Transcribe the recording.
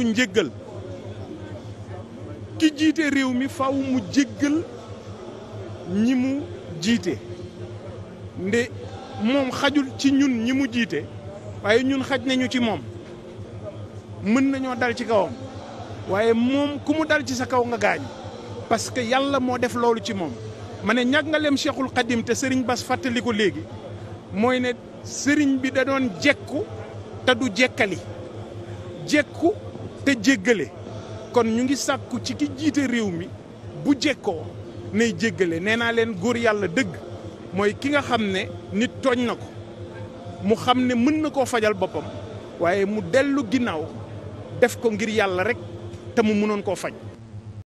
sàkku njéggal ki jiite réew mi faw mu jéggal ñi mu jiite nde moom xajul ci ñun ñi mu jiite waaye ñun xaj nañu ci moom mën nañoo dal ci kawam waaye moom ku mu dal ci sa kaw nga gaañu parce que yàlla moo def loolu ci moom ma ne ñag nga lem Cheikhul Khadim te sëriñ Bass fàttali ko léegi mooy ne sëriñ bi da doon jekku te du jekkali jekku te jéggale kon ñu ngi sàkku ci ki jiite réew mi bu jekkoo nay jéggale nee naa leen góor yàlla dëgg mooy ki nga xam ne nit tooñ na ko mu xam ne mën na koo fajal boppam waaye mu dellu ginnaaw def ko ngir yàlla rek te mu mënoon koo faj